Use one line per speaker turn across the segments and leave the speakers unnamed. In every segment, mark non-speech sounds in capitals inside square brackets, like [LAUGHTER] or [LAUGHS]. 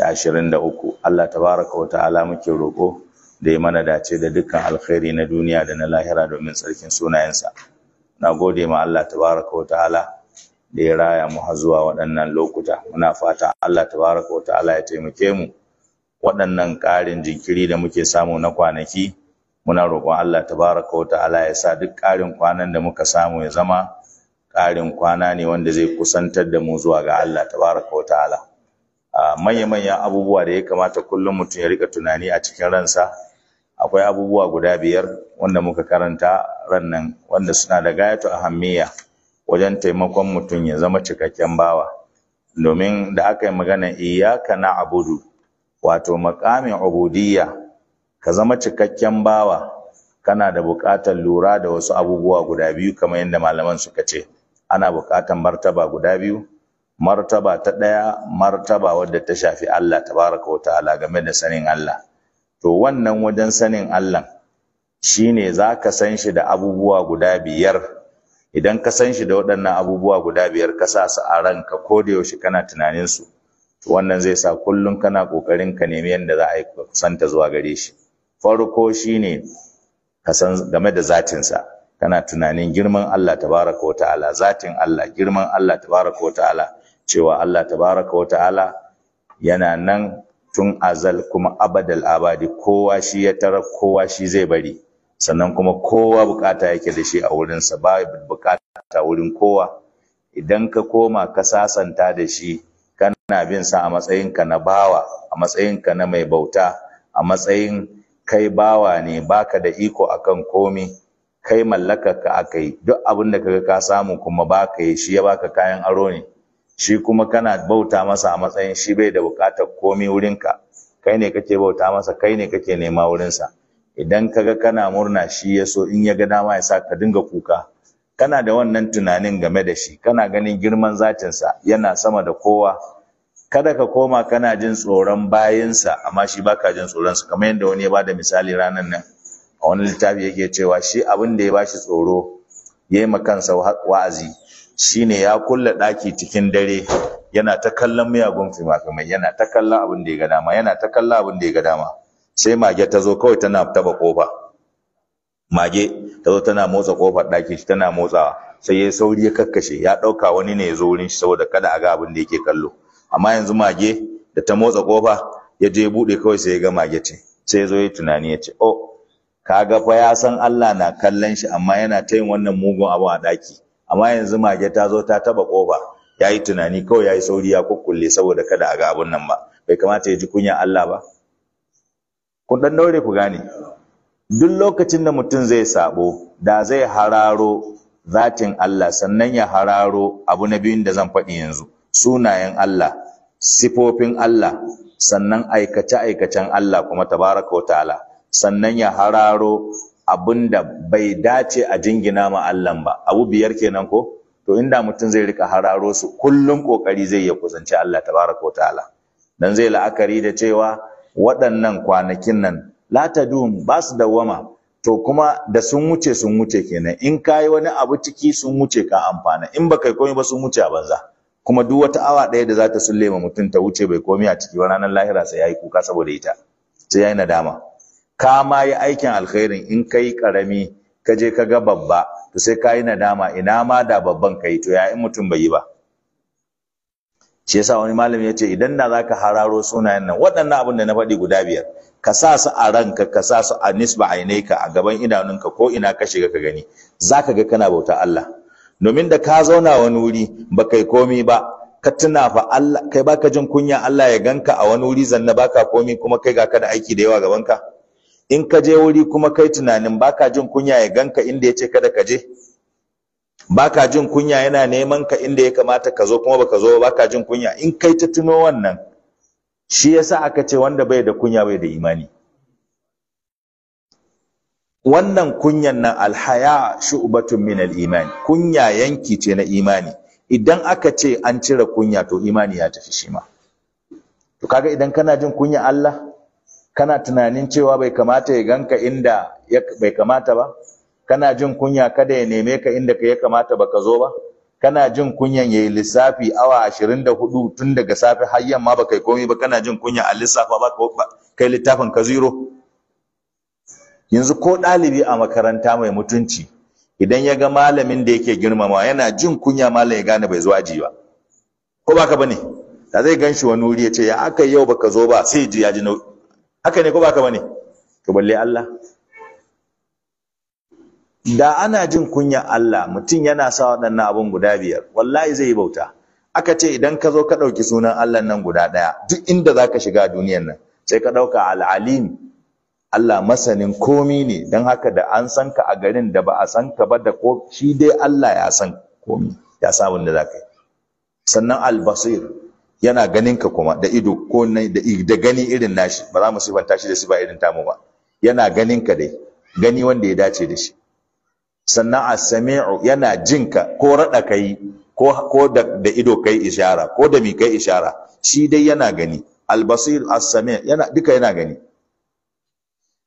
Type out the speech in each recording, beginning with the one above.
da ashirin da uku Allah tabaraka wa ta'ala muke roƙo da ya mana dace da dukkan alkhairi na duniya da na lahira domin tsarkin sunayensa na gode ma Allah tabaraka wa ta'ala da ya raya mu har zuwa waɗannan lokuta muna fata Allah tabaraka wa ta'ala ya taimake mu waɗannan ƙarin jinkiri da muke samu na kwanaki muna roƙon Allah tabaraka wa ta'ala ya sa duk ƙarin kwanan da muka samu ya zama ƙarin kwana ne wanda zai kusantar da mu zuwa ga Allah tabaraka wa ta'ala manya-manyan abubuwa da ya kamata kullum mutum ya rika tunani a cikin ransa akwai abubuwa guda biyar wanda muka karanta ran nan wanda suna da gayatu a hammiya, wajen taimakon mutum ya zama cikakken bawa domin da aka yi magana iyaka na abudu wato makamin ubudiyya ka zama cikakken bawa kana da buƙatar lura da wasu abubuwa guda biyu kamar yadda malaman suka ce ana buƙatar martaba guda biyu martaba ta ɗaya martaba wadda ta shafi Allah tabaraka wa ta'ala game da sanin Allah to wannan wajen sanin Allah shine zaka san shi da abubuwa guda biyar idan ka san shi da waɗannan abubuwa guda biyar ka sa su a ranka ko da yaushe kana tunanin su to wannan zai sa kullum kana kokarin ka nemi yanda za a yi kusanta zuwa gare shi farko shine ka san game da zatinsa kana tunanin girman Allah tabaraka wa ta'ala zatin Allah girman Allah tabaraka wa ta'ala cewa Allah tabaraka wa ta'ala yana nan tun azal kuma abadal abadi kowa shi ya tara kowa shi zai bari sannan kuma kowa bukata yake da shi a wurinsa ba bukata wurin kowa idan ka koma ka sasanta da shi kana bin sa a matsayinka na bawa a matsayinka na mai bauta a matsayin kai bawa ne baka da iko akan komi kai mallakar ka aka duk abin da kaga ka samu kuma baka yi shi ya baka kayan aro ne shi kuma kana bauta masa a matsayin shi bai da bukatar wurin ka. kai ne kake bauta masa kai ne kake nema wurin sa. idan kaga kana murna shi ya so in ya ga dama ya sa ka dinga kuka kana da wannan tunanin game da shi kana ganin girman zatinsa yana sama da kowa kada ka koma kana jin tsoron bayinsa amma shi baka jin tsoronsa kamar yadda wani ya bada misali ranar nan a wani littafi yake cewa shi abin da ya bashi tsoro ya yi kansa wa'azi shine ya kulla ɗaki cikin dare yana ta kallon miyagun fimafimai yana ta kallon abin da ya ga dama yana ta kallon abin da ya ga dama sai mage ta zo kawai tana taba kofa mage ta zo tana motsa kofar ɗakin shi tana motsawa sai ya sauri ya kakkashe ya ɗauka wani ne ya zo wurin shi saboda kada a ga abin da yake kallo amma yanzu mage da ta motsa kofa ya je buɗe kawai sai ya ga mage ce sai ya zo ya tunani ya ce oh kaga fa ya san Allah na kallon shi amma yana ta yin wannan mugun abu a ɗaki amma yanzu mage ta zo ta taba ƙofa, ya yi tunani kawai ya yi sauri ya kukkulle saboda kada a ga abun nan ba bai kamata ya ji kunya Allah ba kun dan daure ku gane duk lokacin da mutum zai sabo da zai hararo zatin Allah sannan ya hararo abu na biyun da zan faɗi yanzu sunayen Allah sifofin Allah sannan aikace-aikacen Allah kuma tabaraka wa ta'ala sannan ya hararo da bai dace a jingina ma Allah ba abu biyar kenan ko to inda mutum zai rika hararo su kullum kokari zai ya kusanci Allah tabaraka wa ta'ala dan zai la'akari da cewa waɗannan kwanakin nan la tadum ba su dawama to kuma da sun wuce sun wuce kenan in kayi wani abu ciki sun wuce ka amfana in bakai kai komai ba sun wuce a banza kuma duk wata awa ɗaya da za ta sulle ma mutum ta wuce bai komi a ciki ba ranar lahira sai yayi kuka saboda ita sai yi nadama ka ma yi aikin alkhairin in ka yi karami ka je ka ga babba to sai ka yi nadama ina ma da babban ka yi to ya in mutum bai yi ba shi yasa wani malami ya ce idan na zaka hararo sunayen nan waɗannan abin da na faɗi guda biyar ka sa su a ranka ka sa su a nisba ainaika a gaban idanunka ko ina ka shiga ka gani zaka ga kana bauta Allah domin da ka zauna wani wuri ba kai komi ba ka tuna fa Allah kai baka jin kunya Allah ya ganka a wani wuri zanna baka komi kuma kai ga ka da aiki da yawa gaban ka in ka je wuri kuma kai tunanin baka jin kunya ya ganka inda ya ce kada ka je baka jin kunya yana neman ka inda ya kamata ka zo kuma baka zo baka jin kunya in kai ta tuno wannan shi yasa aka ce wanda bai da kunya bai da imani wannan kunyan nan alhaya shu'batun min al-iman kunya yanki ce na imani idan aka ce an cire kunya to imani ya tafi shi ma to kaga idan kana jin kunya Allah kana tunanin cewa bai kamata ya ganka inda bai kamata ba kana jin kunya kada ya neme ka inda ka ya kamata baka zo ba kana jin kunyan yayi lissafi awa 24 tun daga safe har yamma baka yi komai ba kana jin kunya a lissafa ba kai littafin ka zero yanzu ko ɗalibi a makaranta mai mutunci idan ya ga malamin da yake girmama yana jin kunya malam ya gane bai zo aji ba ko baka bane da zai ganshi wani wuri ya ce ya aka yau baka zo ba sai ji ya ji haka ne ko baka bane to balle Allah da ana jin kunya Allah mutum yana sa waɗannan abun guda biyar wallahi zai yi bauta aka ce idan ka zo ka ɗauki sunan Allah nan guda ɗaya duk inda zaka shiga duniyar nan sai ka ɗauka alim Allah masanin komi ne dan haka da an san ka a garin da ba a san ka ba da ko shi dai Allah ya san komi ya sa abin za yi sannan al-basir yana ganin ka kuma da ido ko da gani irin nashi ba za mu sifanta shi da sifa irin tamu ba yana ganin ka dai gani wanda ya dace da shi sannan as-sami'u yana jin ka ko rada kai ko ko da, da ido kai ishara ko da mi kai ishara shi dai yana gani al-basir as-sami' yana duka yana gani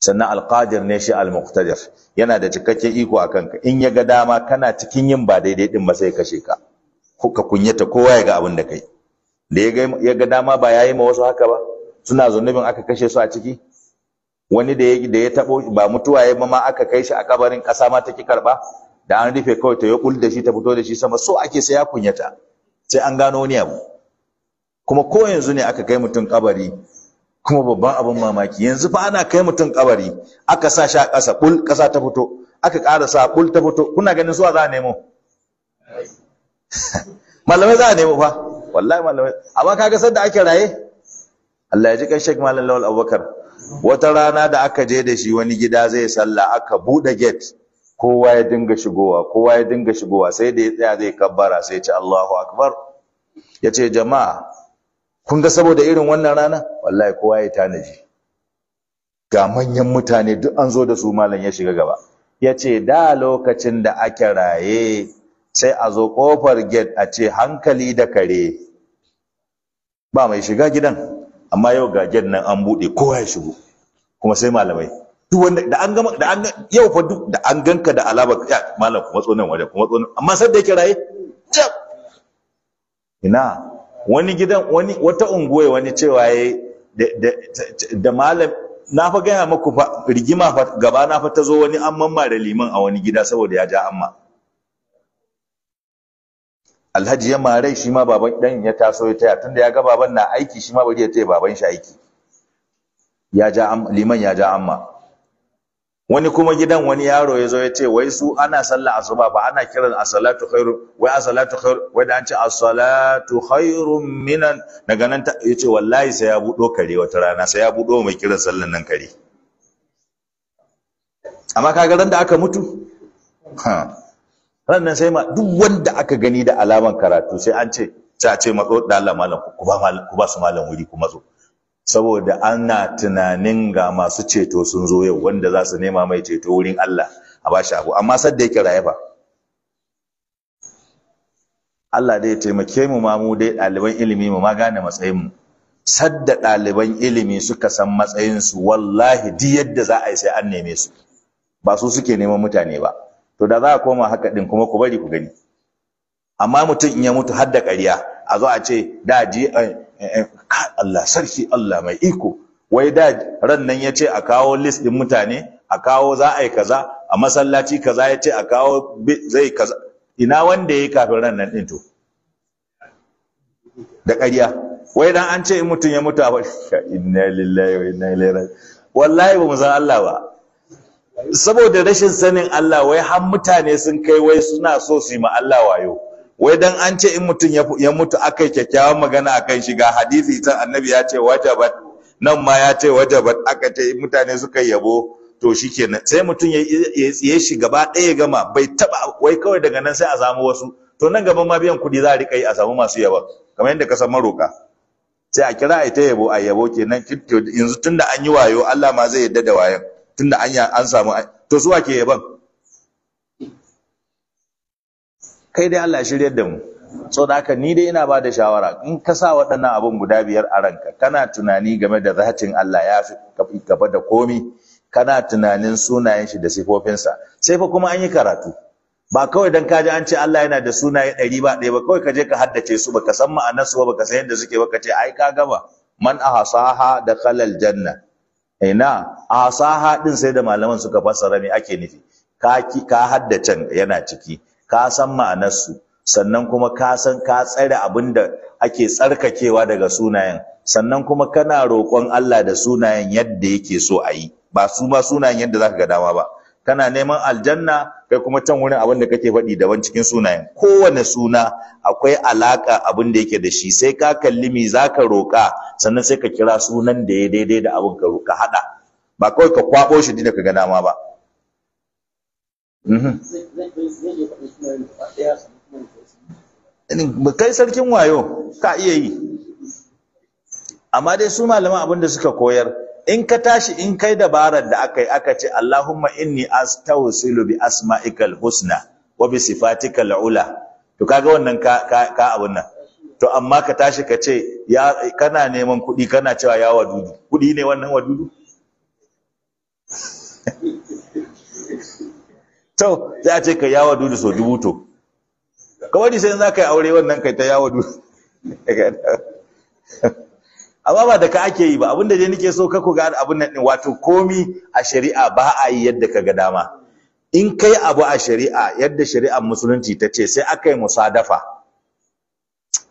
sannan al-qadir ne shi al-muqtadir yana da cikakken iko akan ka in ya ga dama kana cikin yin ba daidai din ba sai kashe ka ka kunyata kowa ya ga abin da kai da ya ga dama ba ya yi ma wasu haka ba suna zunubin aka kashe su a ciki wani da ya da ya tabo ba mutuwa ya ma aka kai shi a kabarin kasa ma take karba da an rufe kawai ta yakul da shi ta fito da shi sama so ake sai ya kunyata sai an gano wani abu kuma ko yanzu ne aka kai mutum kabari kuma babban abin mamaki yanzu fa ana kai mutum kabari aka sa shi a ƙasa ƙul ƙasa ta fito aka ƙara sa ƙul ta fito kuna ganin suwa za a nemo [LAUGHS] malamai za a nemo fa wallahi malamai amma kaga sanda ake raye Allah ya ji kan Sheikh Malam Lawal Abubakar wata rana da aka je da shi wani gida zai salla aka bude gate kowa ya dinga shigowa kowa ya dinga shigowa sai da ya tsaya zai kabbara sai ya ce Allahu akbar ya ce jama'a kun ga saboda irin wannan rana wallahi kowa ya tanaji ga manyan mutane duk an zo da su malam ya shiga gaba ya ce da lokacin da ake raye sai a zo kofar gate a ce hankali da kare ba mai shiga gidan amma yau ga gidan nan an buɗe kowa ya shigo kuma sai malamai duk wanda da an gama da an yau fa duk da an ganka da alaba ya malam kuma tso nan waje kuma tso nan amma sai da yake raye ina wani gidan wani wata unguwa wani cewa yayi da malam na fa gaya muku fa rigima fa gaba na fa ta zo wani an mamma da liman a wani gida saboda ya ja amma alhaji ya mare shi ma baban dan ya taso ya taya tunda ya ga baban na aiki shi ma bari ya taya baban shi aiki ya ja liman ya ja amma wani kuma gidan wani yaro ya zo ya ce wai su ana sallah asuba ba ana kiran as-salatu khairu wai as-salatu khairu wai da an ce as-salatu khairun minan daga nan ya ce wallahi sai ya budo kare wata rana sai ya budo mai kiran sallan nan kare amma kaga ran da aka mutu ha ranan sai ma duk wanda aka gani da alaman karatu sai an ce ta ce matso da Allah malam ku ba su malam wuri ku matso saboda ana tunanin ga masu ceto sun zo yau wanda za su nema mai ceto wurin Allah a ba shi abu amma sadda yake raye ba Allah dai ya taimake mu ma mu dai ɗaliban ilimi mu ma gane matsayin mu sadda ɗaliban ilimi suka san matsayin su wallahi di yadda za a yi sai an neme su ba su suke neman mutane ba to da za a koma haka din kuma ku bari ku gani amma mutum in ya mutu har da ƙarya a zo a ce da ji eh, eh, eh, Allah sarki Allah mai iko wai da ran nan ya ce a kawo list din mutane a kawo za a yi kaza a masallaci kaza ya ce a kawo zai kaza ina wanda ya yi kafin ran nan din to da ƙarya wai dan an ce in mutum ya mutu a inna lillahi wa inna ilaihi wallahi ba mu san Allah ba saboda rashin sanin Allah wai har mutane sun kai wai suna so su yi ma Allah wayo wai dan an ce in mutum ya mutu akai kyakkyawan magana akan shi ga hadisi ta annabi ya ce wajabat nan ma ya ce wajabat aka ce mutane suka yabo to shikenan sai mutum ya tsiye shi gaba ɗaya gama bai taba wai kawai daga nan sai a samu wasu to nan gaban ma biyan kuɗi za a riƙa yi a samu masu yabo kamar yadda ka san maroka sai a kira a ta yabo a yabo kenan yanzu tunda an yi wayo Allah ma zai yadda da wayan tunda anya an samu to zuwa ke yaban kai dai Allah shiryar da mu so da haka ni dai ina ba da shawara in ka sa waɗannan abun guda biyar a ranka kana tunani game da zahacin Allah ya fi gaba da komi kana tunanin sunayen shi da sifofinsa sai fa kuma an yi karatu ba kawai dan kaji an ce Allah yana da sunaye ɗari ba ɗaya ba kawai ka je ka haddace su baka san ma'anarsu ba baka san yadda suke ba ka ce ai ka gaba man ahasaha da khalal janna ina a saha din sai da malaman suka fassara me ake nufi ka ka can yana ciki ka san ma'anarsu sannan kuma ka san ka tsare abin da ake tsarkakewa daga sunayen sannan kuma kana roƙon Allah da sunayen yadda yake so a yi ba su ma sunayen yadda zaka ga dama ba kana neman aljanna kai kuma can wurin abin da kake faɗi daban cikin sunayen kowane suna akwai alaka abin da yake da shi sai ka kalli za zaka roƙa, sannan sai ka kira sunan da ya daidai da abin ka roƙa hada ba kawai ka kwabo shi da ka ga dama mhm. ba kai sarkin wayo ka iya yi amma dai su malaman abin da suka koyar in ka tashi in kai dabarar da aka yi aka ce Allahumma inni astawsilu bi asma'ikal husna wa bi sifatikal ula to kaga wannan ka ka, ka abun nan to amma ka tashi ka ce ya kana neman kuɗi kana cewa ya wadudu kuɗi ne wannan wadudu [LAUGHS] to sai a ce ka ya wadudu so dubu to kawai sai in za ka yi aure wannan kai ta ya wadudu [LAUGHS] amma ba da ka ake yi ba abin da dai nake so ka ku ga abin nan wato komi a shari'a ba a yi yadda ka ga dama in kai abu a shari'a yadda shari'ar musulunci ta ce sai aka yi musadafa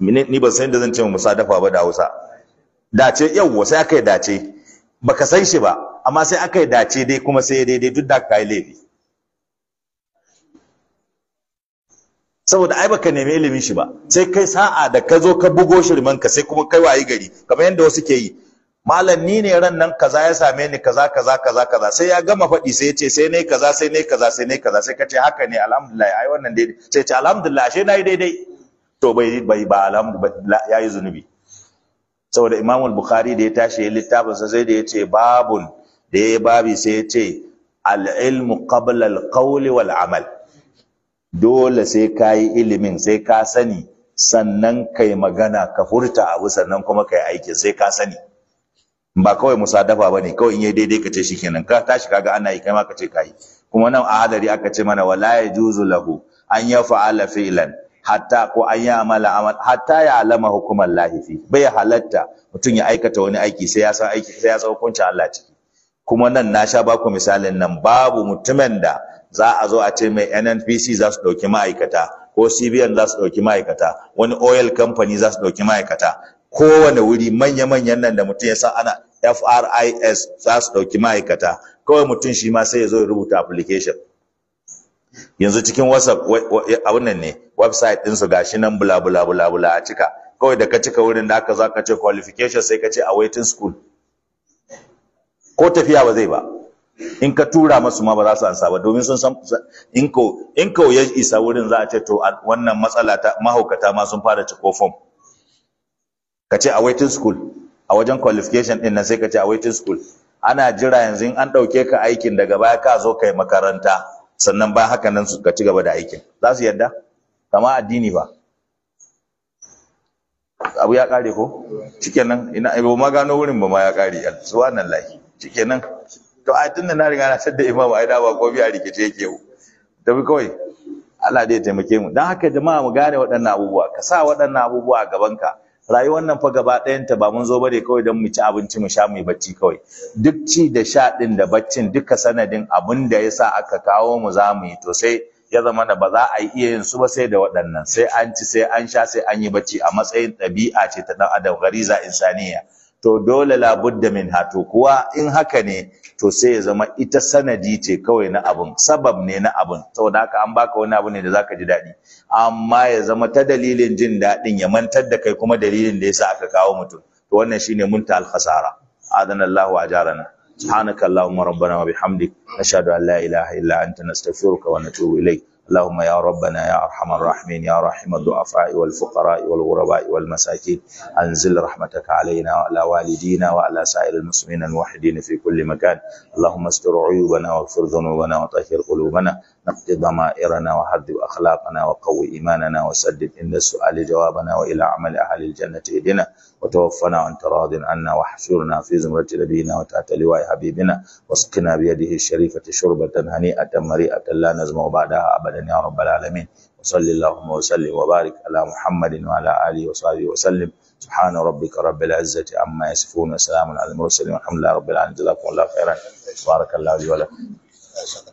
ni ban san da zan ce musadafa ba da Hausa dace yawwa sai aka yi dace baka san shi ba amma sai aka yi dace dai kuma sai daidai duk da ka yi laifi saboda ai baka nemi ilimin shi ba sai kai sa'a da ka zo ka bugo shirman ka sai kuma kai wayi gari kamar yadda wasu ke yi malam ni ne ran nan kaza ya same ni kaza kaza kaza kaza sai ya gama faɗi sai ya ce sai ne kaza sai ne kaza sai ne kaza sai ka ce haka ne alhamdulillah ai wannan daidai sai ce alhamdulillah ashe nayi daidai to bai bai ba alhamdulillah yayi zunubi saboda Imam al-Bukhari da ya tashi littafin sa sai da ya ce babun da ya babi sai ya ce al-ilmu qabla al-qawli wal amal dole sai ka yi ilimin sai ka sani sannan kai magana ka furta abu sannan kuma ka yi aikin sai ka sani ba kawai musadafa ne kawai in yi daidai ka ce shi kenan. ka tashi kaga ana yi kai ma ka ce kuma nan a hadari aka ce mana wala juzu lahu an ya fa'ala fi'lan hatta ko an yi amala amal hatta ya alama hukumar lahifi bai halatta mutum ya aikata wani aiki sai ya san aiki sai ya san hukuncin Allah ciki kuma nan na sha baku misalin nan babu mutumin da za a zo a ce mai nnpc za su ɗauki ma'aikata ko cbn za su ɗauki ma'aikata wani oil company za su ɗauki ma'aikata kowane wuri manya-manyan nan da mutum ya san ana fris za su ɗauki ma'aikata kawai mutum shi ma sai ya zo ya rubuta application yanzu cikin whatsapp abin nan ne website ɗinsu gashi nan bula bula bula bula a cika kawai da ka cika wurin da aka za ka ce qualification sai ka ce a waiting school ko tafiya ba zai ba in ka tura masu ma ba za su ansa ba domin sun san in ko in ko ya isa wurin za a ce to wannan matsala ta mahaukata ma sun fara ciko form ka ce a waiting school a wajen qualification din nan sai ka ce a waiting school ana jira yanzu in an ɗauke ka aikin daga baya ka zo kai makaranta sannan bayan haka nan ka ci gaba da aikin za su yadda kama addini ba abu ya kare ko nan, ina ba ma gano wurin ba ma ya kare subhanallahi nan. to a tunda na riga na sadda imamu ai da ba ko a rikice yake Da bi kawai Allah dai taimake mu dan haka jama'a mu gane waɗannan abubuwa ka sa waɗannan abubuwa a gaban ka. rayuwar nan fa gaba ɗayan ta ba mun zo bare kawai dan mu ci abinci mu sha mu yi bacci kawai duk ci da sha din da baccin duka sanadin abin da ya sa aka kawo mu za mu yi to sai ya zama da ba za a iya yin su ba sai da waɗannan sai an ci sai an sha sai an yi bacci a matsayin ɗabi'a ce ta ɗan adam gariza insaniya to dole labudda min ha to kuwa in haka ne to sai ya zama ita sanadi ce kawai na abun sabab ne na abun saboda haka an baka wani abu ne da zaka ji daɗi amma ya zama ta dalilin jin daɗin ya mantar da kai kuma dalilin da yasa aka kawo mutum to wannan shine munta al adanallahu adana Allahu ajarana subhanaka allahumma rabbana wa bihamdik ashhadu an la ilaha illa anta nastaghfiruka wa natubu ilayk اللهم يا ربنا يا أرحم الراحمين يا رحم الضعفاء والفقراء والغرباء والمساكين أنزل رحمتك علينا وعلى والدينا وعلى سائر المسلمين الموحدين في كل مكان اللهم استر عيوبنا واغفر ذنوبنا وطهر قلوبنا نقض ضمائرنا وهذب أخلاقنا وقوي إيماننا وسدد إن السؤال جوابنا وإلى عمل أهل الجنة اهدنا وتوفنا وأنت راض عنا واحشرنا في زمرة نبينا وتأتى لواء حبيبنا واسقنا بيده الشريفة شربة هنيئة مريئة لا نزم بعدها أبدا يا رب العالمين وصل اللهم وسلم وبارك على محمد وعلى آله وصحبه وسلم سبحان ربك رب العزة عما يصفون وسلام على المرسلين والحمد لله رب العالمين جزاكم الله خيرا بارك الله لي ولكم